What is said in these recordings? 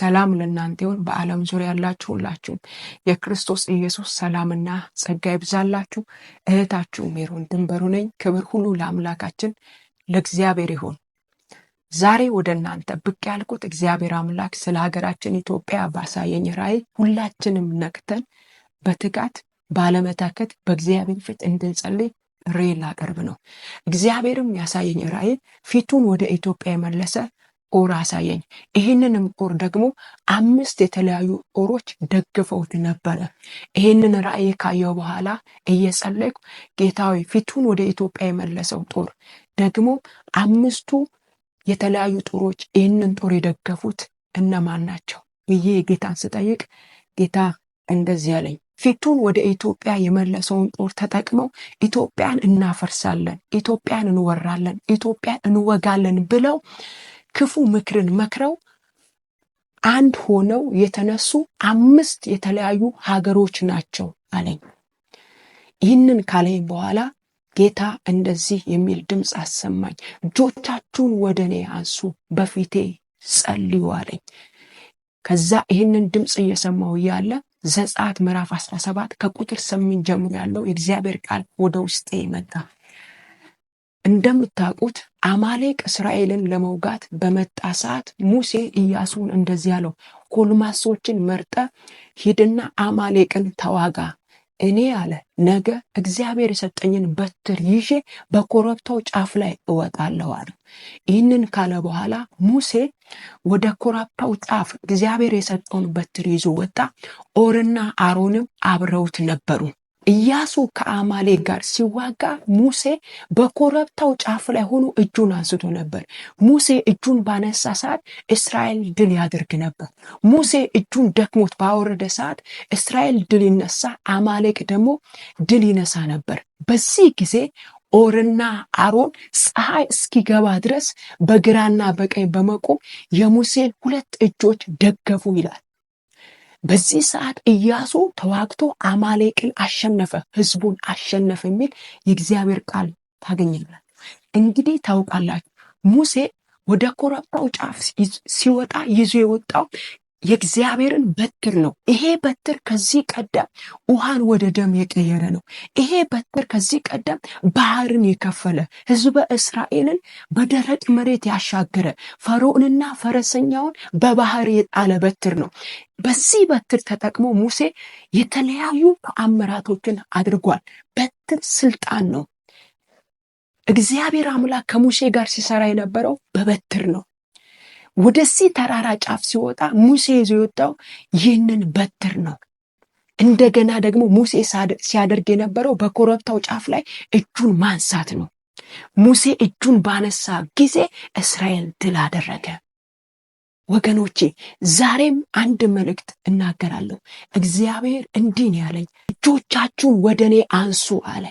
ሰላም ለእናንተ ይሁን። በዓለም ዙሪያ ያላችሁ ሁላችሁም የክርስቶስ ኢየሱስ ሰላምና ጸጋ ይብዛላችሁ። እህታችሁ ሜሮን ድንበሩ ነኝ። ክብር ሁሉ ለአምላካችን ለእግዚአብሔር ይሁን። ዛሬ ወደ እናንተ ብቅ ያልኩት እግዚአብሔር አምላክ ስለ ሀገራችን ኢትዮጵያ ባሳየኝ ራእይ ሁላችንም ነቅተን በትጋት ባለመታከት በእግዚአብሔር ፊት እንድንጸልይ ሬ ላቀርብ ነው። እግዚአብሔርም ያሳየኝ ራእይ ፊቱን ወደ ኢትዮጵያ የመለሰ ጦር አሳየኝ። ይህንንም ጦር ደግሞ አምስት የተለያዩ ጦሮች ደግፈውት ነበረ። ይህንን ራእይ ካየው በኋላ እየጸለይኩ ጌታዊ ፊቱን ወደ ኢትዮጵያ የመለሰው ጦር ደግሞ አምስቱ የተለያዩ ጦሮች ይህንን ጦር የደገፉት እነማን ናቸው ብዬ ጌታን ስጠይቅ ጌታ እንደዚህ አለኝ። ፊቱን ወደ ኢትዮጵያ የመለሰውን ጦር ተጠቅመው ኢትዮጵያን እናፈርሳለን፣ ኢትዮጵያን እንወራለን፣ ኢትዮጵያን እንወጋለን ብለው ክፉ ምክርን መክረው አንድ ሆነው የተነሱ አምስት የተለያዩ ሀገሮች ናቸው አለኝ። ይህንን ካለኝ በኋላ ጌታ እንደዚህ የሚል ድምፅ አሰማኝ። እጆቻችሁን ወደ እኔ አንሱ፣ በፊቴ ጸልዩ አለኝ። ከዛ ይህንን ድምፅ እየሰማው እያለ ዘጸአት ምዕራፍ 17 ከቁጥር ስምንት ጀምሮ ያለው የእግዚአብሔር ቃል ወደ ውስጤ መጣ። እንደምታውቁት አማሌቅ እስራኤልን ለመውጋት በመጣ ሰዓት ሙሴ እያሱን እንደዚህ አለው፣ ጎልማሶችን መርጠ ሂድና አማሌቅን ተዋጋ። እኔ አለ ነገ እግዚአብሔር የሰጠኝን በትር ይዤ በኮረብታው ጫፍ ላይ እወጣለሁ አለ። ይህንን ካለ በኋላ ሙሴ ወደ ኮረብታው ጫፍ እግዚአብሔር የሰጠውን በትር ይዞ ወጣ። ኦርና አሮንም አብረውት ነበሩ። ኢያሱ ከአማሌ ጋር ሲዋጋ ሙሴ በኮረብታው ጫፍ ላይ ሆኖ እጁን አንስቶ ነበር። ሙሴ እጁን ባነሳ ሰዓት እስራኤል ድል ያደርግ ነበር። ሙሴ እጁን ደክሞት ባወረደ ሰዓት እስራኤል ድል ይነሳ፣ አማሌቅ ደግሞ ድል ይነሳ ነበር። በዚህ ጊዜ ኦርና አሮን ፀሐይ እስኪገባ ድረስ በግራና በቀኝ በመቆም የሙሴን ሁለት እጆች ደገፉ ይላል። በዚህ ሰዓት እያሱ ተዋግቶ አማሌቅን አሸነፈ፣ ህዝቡን አሸነፈ የሚል የእግዚአብሔር ቃል ታገኛላችሁ። እንግዲህ ታውቃላችሁ ሙሴ ወደ ኮረብታው ጫፍ ሲወጣ ይዞ የወጣው የእግዚአብሔርን በትር ነው። ይሄ በትር ከዚህ ቀደም ውሃን ወደ ደም የቀየረ ነው። ይሄ በትር ከዚህ ቀደም ባህርን የከፈለ ሕዝበ እስራኤልን በደረቅ መሬት ያሻገረ ፈርዖንና ፈረሰኛውን በባህር የጣለ በትር ነው። በዚህ በትር ተጠቅሞ ሙሴ የተለያዩ አመራቶችን አድርጓል። በትር ስልጣን ነው። እግዚአብሔር አምላክ ከሙሴ ጋር ሲሰራ የነበረው በበትር ነው። ወደዚህ ተራራ ጫፍ ሲወጣ ሙሴ ይዞ የወጣው ይህንን በትር ነው። እንደገና ደግሞ ሙሴ ሲያደርግ የነበረው በኮረብታው ጫፍ ላይ እጁን ማንሳት ነው። ሙሴ እጁን ባነሳ ጊዜ እስራኤል ድል አደረገ። ወገኖቼ ዛሬም አንድ መልእክት እናገራለሁ። እግዚአብሔር እንዲህ ነው ያለኝ፣ እጆቻችሁን ወደ እኔ አንሱ አለ፣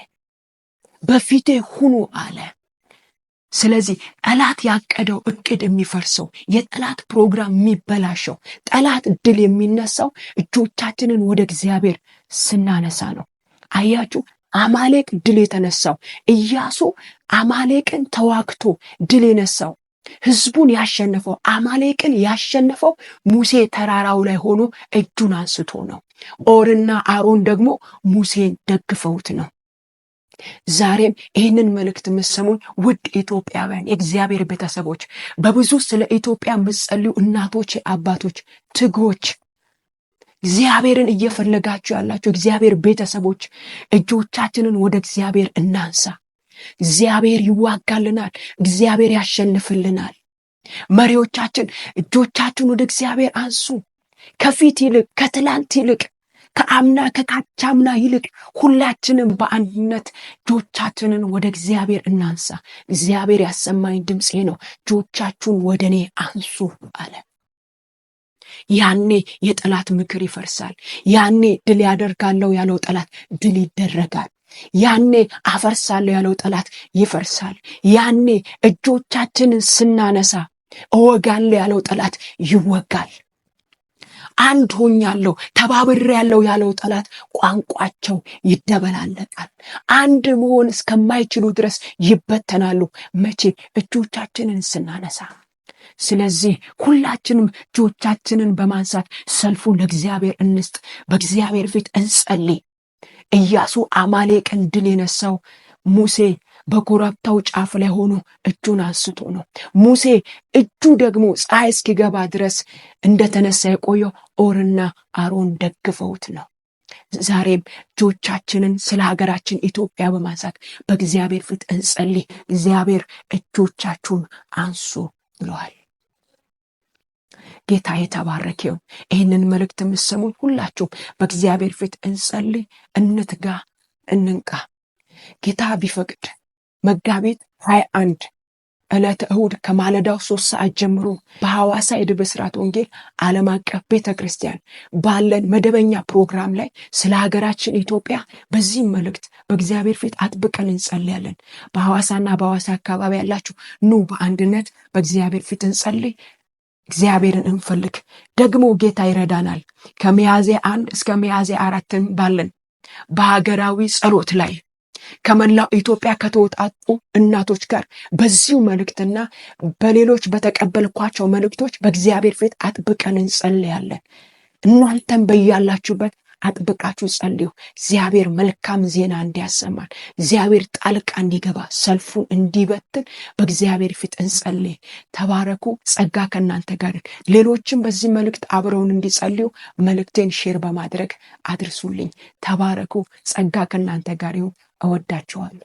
በፊቴ ሁኑ አለ። ስለዚህ ጠላት ያቀደው እቅድ የሚፈርሰው የጠላት ፕሮግራም የሚበላሸው ጠላት ድል የሚነሳው እጆቻችንን ወደ እግዚአብሔር ስናነሳ ነው። አያችሁ፣ አማሌቅ ድል የተነሳው እያሱ አማሌቅን ተዋግቶ ድል የነሳው ህዝቡን ያሸነፈው አማሌቅን ያሸነፈው ሙሴ ተራራው ላይ ሆኖ እጁን አንስቶ ነው። ኦርና አሮን ደግሞ ሙሴን ደግፈውት ነው። ዛሬም ይህንን መልእክት የምትሰሙኝ ውድ ኢትዮጵያውያን የእግዚአብሔር ቤተሰቦች፣ በብዙ ስለ ኢትዮጵያ የምትጸልዩ እናቶች፣ አባቶች፣ ትጎች እግዚአብሔርን እየፈለጋችሁ ያላችሁ እግዚአብሔር ቤተሰቦች እጆቻችንን ወደ እግዚአብሔር እናንሳ። እግዚአብሔር ይዋጋልናል። እግዚአብሔር ያሸንፍልናል። መሪዎቻችን እጆቻችን ወደ እግዚአብሔር አንሱ። ከፊት ይልቅ ከትላንት ይልቅ ከአምና ከካቻምና ይልቅ ሁላችንም በአንድነት እጆቻችንን ወደ እግዚአብሔር እናንሳ። እግዚአብሔር ያሰማኝ ድምፄ ነው፣ እጆቻችሁን ወደ እኔ አንሱ አለ። ያኔ የጠላት ምክር ይፈርሳል። ያኔ ድል ያደርጋለሁ ያለው ጠላት ድል ይደረጋል። ያኔ አፈርሳለሁ ያለው ጠላት ይፈርሳል። ያኔ እጆቻችንን ስናነሳ እወጋለሁ ያለው ጠላት ይወጋል። አንድ ሆኛለሁ ያለው ያለው ጠላት ቋንቋቸው ይደበላለቃል። አንድ መሆን እስከማይችሉ ድረስ ይበተናሉ። መቼ እጆቻችንን ስናነሳ ስለዚህ ሁላችንም እጆቻችንን በማንሳት ሰልፉን ለእግዚአብሔር እንስጥ። በእግዚአብሔር ፊት እንጸልይ። ኢያሱ አማሌቅን ድል የነሳው ሙሴ በኮረብታው ጫፍ ላይ ሆኖ እጁን አንስቶ ነው። ሙሴ እጁ ደግሞ ፀሐይ እስኪገባ ድረስ እንደተነሳ የቆየው ኦርና አሮን ደግፈውት ነው። ዛሬም እጆቻችንን ስለ ሀገራችን ኢትዮጵያ በማንሳት በእግዚአብሔር ፊት እንጸልይ። እግዚአብሔር እጆቻችሁን አንሱ ብለዋል። ጌታ የተባረከ ይህንን መልእክት የምትሰሙኝ ሁላችሁም በእግዚአብሔር ፊት እንጸልይ፣ እንትጋ፣ እንንቃ ጌታ ቢፈቅድ መጋቢት 21 ዕለተ እሁድ ከማለዳው ሶስት ሰዓት ጀምሮ በሐዋሳ የደብስራት ወንጌል ዓለም አቀፍ ቤተ ክርስቲያን ባለን መደበኛ ፕሮግራም ላይ ስለ ሀገራችን ኢትዮጵያ በዚህ መልእክት በእግዚአብሔር ፊት አጥብቀን እንጸልያለን። በሐዋሳና በሐዋሳ አካባቢ ያላችሁ ኑ በአንድነት በእግዚአብሔር ፊት እንጸልይ። እግዚአብሔርን እንፈልግ። ደግሞ ጌታ ይረዳናል። ከሚያዝያ አንድ እስከ ሚያዝያ አራትን ባለን በሀገራዊ ጸሎት ላይ ከመላው ኢትዮጵያ ከተወጣጡ እናቶች ጋር በዚሁ መልእክትና በሌሎች በተቀበልኳቸው መልእክቶች በእግዚአብሔር ፊት አጥብቀን እንጸልያለን። እናንተም በያላችሁበት አጥብቃችሁ ጸልዩ። እግዚአብሔር መልካም ዜና እንዲያሰማን፣ እግዚአብሔር ጣልቃ እንዲገባ፣ ሰልፉን እንዲበትን በእግዚአብሔር ፊት እንጸልይ። ተባረኩ። ጸጋ ከእናንተ ጋር። ሌሎችም በዚህ መልእክት አብረውን እንዲጸልዩ መልእክቴን ሼር በማድረግ አድርሱልኝ። ተባረኩ። ጸጋ ከእናንተ ጋር ይሁን። our oh, Dutch one.